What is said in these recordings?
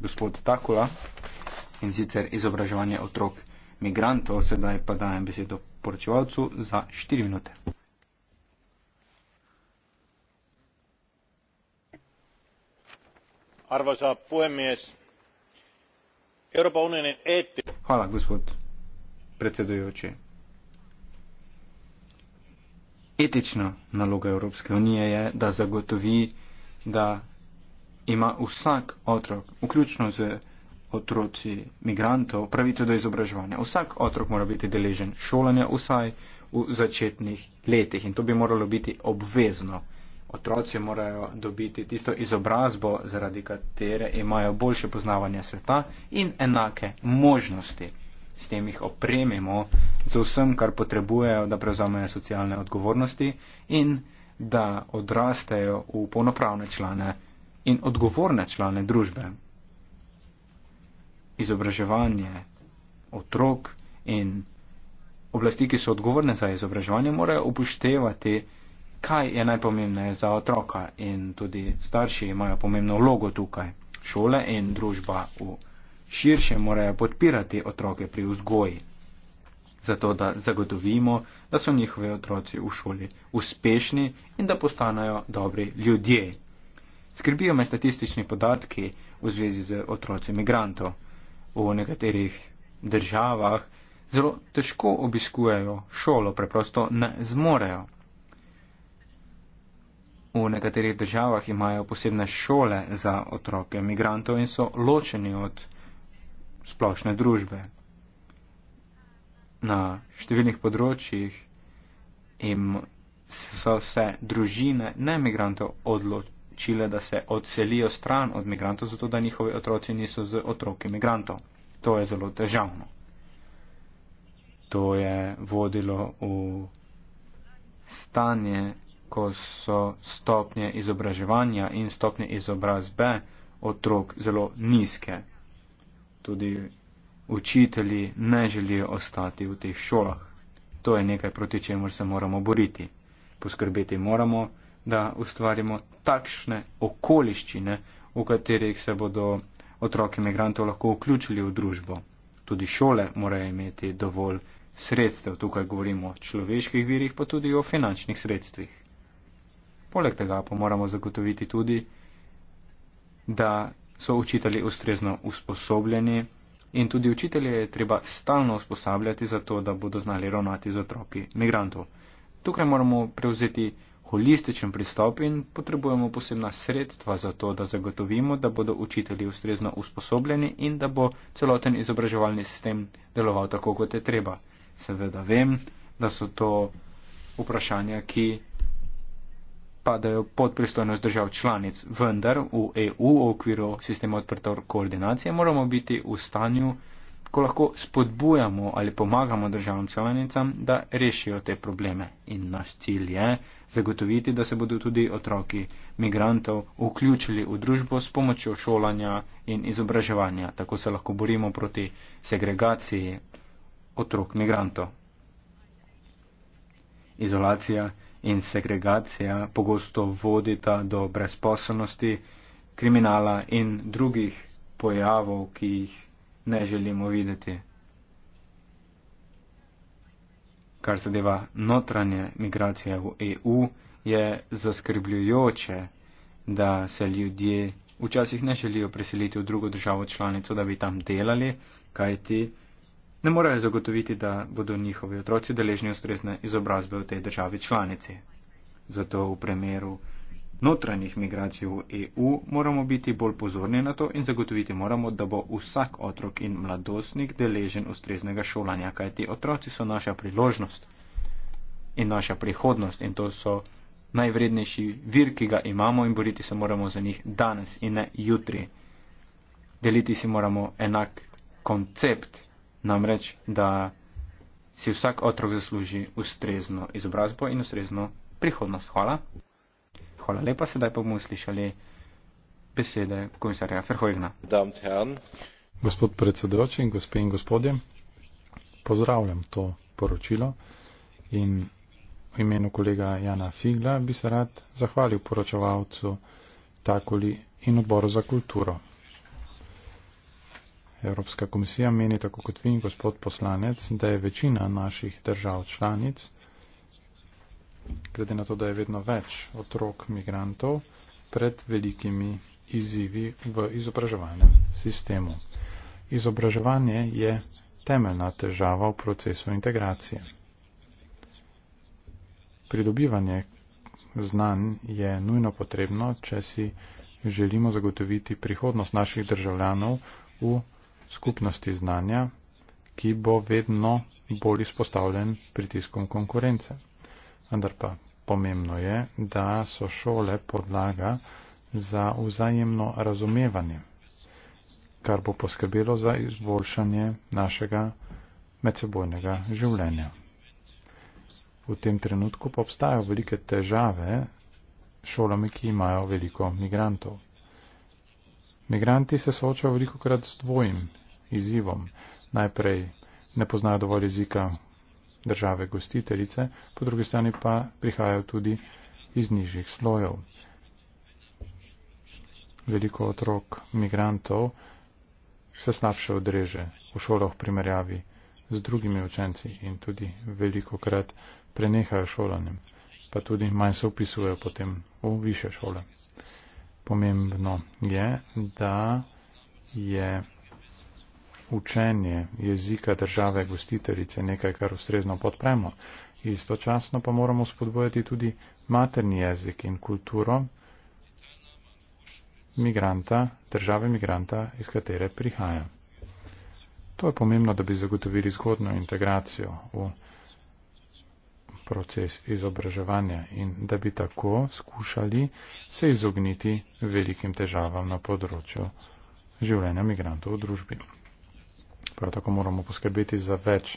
gospod Takula in sicer izobraževanje otrok migrantov. Sedaj pa dajem besedo poročevalcu za 4 minute. Arvoisa puhemies, Euroopan unionin eetti... Hvala, gospod predsedujoči. Etična naloga Evropske unije je, da zagotovi, da ima vsak otrok, vključno z otroci migrantov, pravico do izobraževanja. Vsak otrok mora biti deležen šolanja vsaj v začetnih letih in to bi moralo biti obvezno. Otroci morajo dobiti tisto izobrazbo, zaradi katere imajo boljše poznavanje sveta in enake možnosti. S tem jih opremimo z vsem, kar potrebujejo, da prevzamejo socialne odgovornosti in da odrastejo v polnopravne člane in odgovorne člane družbe. Izobraževanje otrok in oblasti, ki so odgovorne za izobraževanje, morajo upoštevati, kaj je najpomembneje za otroka in tudi starši imajo pomembno vlogo tukaj. Šole in družba v širše morajo podpirati otroke pri vzgoji, zato da zagotovimo, da so njihovi otroci v šoli uspešni in da postanejo dobri ljudje. Skrbijo me statistični podatki v zvezi z otroci imigrantov. V nekaterih državah zelo težko obiskujejo šolo, preprosto ne zmorejo. V nekaterih državah imajo posebne šole za otroke imigrantov in so ločeni od splošne družbe. Na številnih področjih so se družine ne imigrantov odločili odločile, da se odselijo stran od migrantov, zato da njihovi otroci niso z otroki migrantov. To je zelo težavno. To je vodilo v stanje, ko so stopnje izobraževanja in stopnje izobrazbe otrok zelo nizke. Tudi učitelji ne želijo ostati v teh šolah. To je nekaj, proti čemer se moramo boriti. Poskrbeti moramo, da ustvarimo takšne okoliščine, v katerih se bodo otroke imigrantov lahko vključili v družbo. Tudi šole morajo imeti dovolj sredstev, tukaj govorimo o človeških virih, pa tudi o finančnih sredstvih. Poleg tega pa moramo zagotoviti tudi, da so učitelji ustrezno usposobljeni in tudi učitelje je treba stalno usposabljati za to, da bodo znali ravnati z otroki imigrantov. Tukaj moramo prevzeti holističen pristop in potrebujemo posebna sredstva za to, da zagotovimo, da bodo učitelji ustrezno usposobljeni in da bo celoten izobraževalni sistem deloval tako, kot je treba. Seveda vem, da so to vprašanja, ki padajo pod pristojnost držav članic, vendar v EU v okviru sistema odprte koordinacije moramo biti v stanju ko lahko spodbujamo ali pomagamo državam članicam, da rešijo te probleme. In naš cilj je zagotoviti, da se bodo tudi otroki migrantov vključili v družbo s pomočjo šolanja in izobraževanja. Tako se lahko borimo proti segregaciji otrok migrantov. Izolacija in segregacija pogosto vodita do brezposobnosti, kriminala in drugih pojavov, ki jih ne želimo videti. Kar zadeva notranje migracije v EU, je zaskrbljujoče, da se ljudje včasih ne želijo preseliti v drugo državo članico, da bi tam delali, kajti ne morejo zagotoviti, da bodo njihovi otroci deležni ustrezne izobrazbe v tej državi članici. Zato v primeru notranjih migracij v EU, moramo biti bolj pozorni na to in zagotoviti moramo, da bo vsak otrok in mladostnik deležen ustreznega šolanja, kajti otroci so naša priložnost in naša prihodnost in to so najvrednejši vir, ki ga imamo in boriti se moramo za njih danes in ne jutri. Deliti si moramo enak koncept, namreč, da si vsak otrok zasluži ustrezno izobrazbo in ustrezno prihodnost. Hvala. Hvala lepa, sedaj pa bomo slišali besede komisarja Ferhojna. Gospod predsedoči in gospe in gospodje, pozdravljam to poročilo in v imenu kolega Jana Figla bi se rad zahvalil poročevalcu Takoli in odboru za kulturo. Evropska komisija meni, tako kot vi, gospod poslanec, da je večina naših držav članic, glede na to, da je vedno več otrok migrantov pred velikimi izzivi v izobraževalnem sistemu. Izobraževanje je temeljna težava v procesu integracije. Pridobivanje znanj je nujno potrebno, če si želimo zagotoviti prihodnost naših državljanov v skupnosti znanja, ki bo vedno bolj izpostavljen pritiskom konkurence vendar pa pomembno je, da so šole podlaga za vzajemno razumevanje, kar bo poskrbelo za izboljšanje našega medsebojnega življenja. V tem trenutku pa obstajajo velike težave šolami, ki imajo veliko migrantov. Migranti se soočajo veliko krat z dvojim izzivom. Najprej ne poznajo dovolj jezika, države gostiteljice, po drugi strani pa prihajajo tudi iz nižjih slojev. Veliko otrok migrantov se slabše odreže v šolah v primerjavi z drugimi učenci in tudi veliko krat prenehajo šolanjem, pa tudi manj se upisujejo potem v više šole. Pomembno je, da je učenje jezika države gostiteljice nekaj, kar ustrezno podpremo. Istočasno pa moramo spodbojati tudi materni jezik in kulturo migranta, države migranta, iz katere prihaja. To je pomembno, da bi zagotovili zgodno integracijo v proces izobraževanja in da bi tako skušali se izogniti velikim težavam na področju življenja migrantov v družbi. Prav tako moramo poskrbeti za več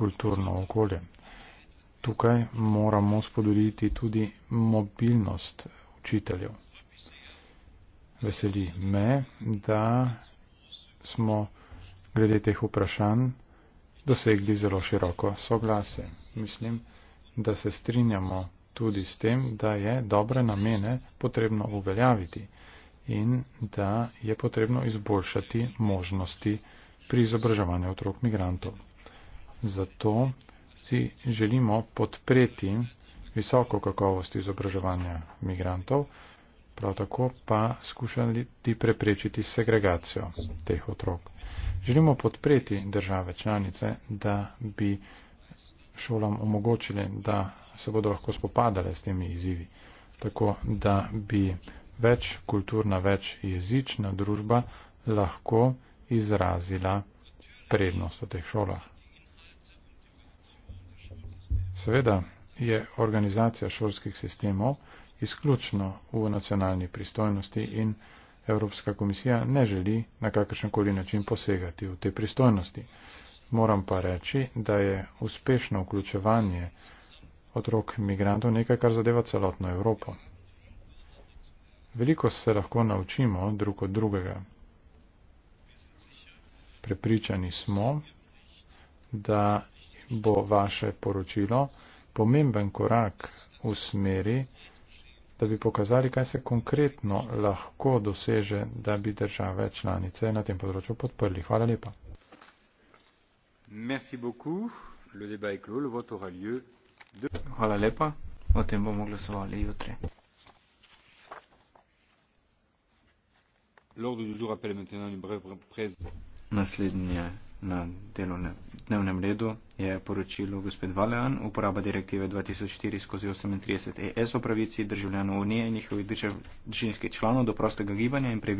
kulturno okolje. Tukaj moramo spodoriti tudi mobilnost učiteljev. Veseli me, da smo glede teh vprašanj dosegli zelo široko soglasje. Mislim, da se strinjamo tudi s tem, da je dobre namene potrebno uveljaviti in da je potrebno izboljšati možnosti pri izobraževanju otrok migrantov. Zato si želimo podpreti visoko kakovost izobraževanja migrantov, prav tako pa skušati preprečiti segregacijo teh otrok. Želimo podpreti države članice, da bi šolam omogočili, da se bodo lahko spopadale s temi izzivi, tako da bi več kulturna, več jezična družba lahko izrazila prednost v teh šolah. Seveda je organizacija šolskih sistemov izključno v nacionalni pristojnosti in Evropska komisija ne želi na kakršenkoli način posegati v te pristojnosti. Moram pa reči, da je uspešno vključevanje otrok migrantov nekaj, kar zadeva celotno Evropo. Veliko se lahko naučimo drug od drugega. Prepričani smo, da bo vaše poročilo pomemben korak v smeri, da bi pokazali, kaj se konkretno lahko doseže, da bi države članice na tem področju podprli. Hvala lepa. Hvala lepa. O tem bomo glasovali jutri. L'ordre du jour appelle maintenant une brève présentation. Naslednje na delovnem dnevnem redu je poročilo gospod Valean, uporaba direktive 2004-38 ES o pravici državljanov Unije in njihovih državljanskih članov do prostega gibanja in preglednosti.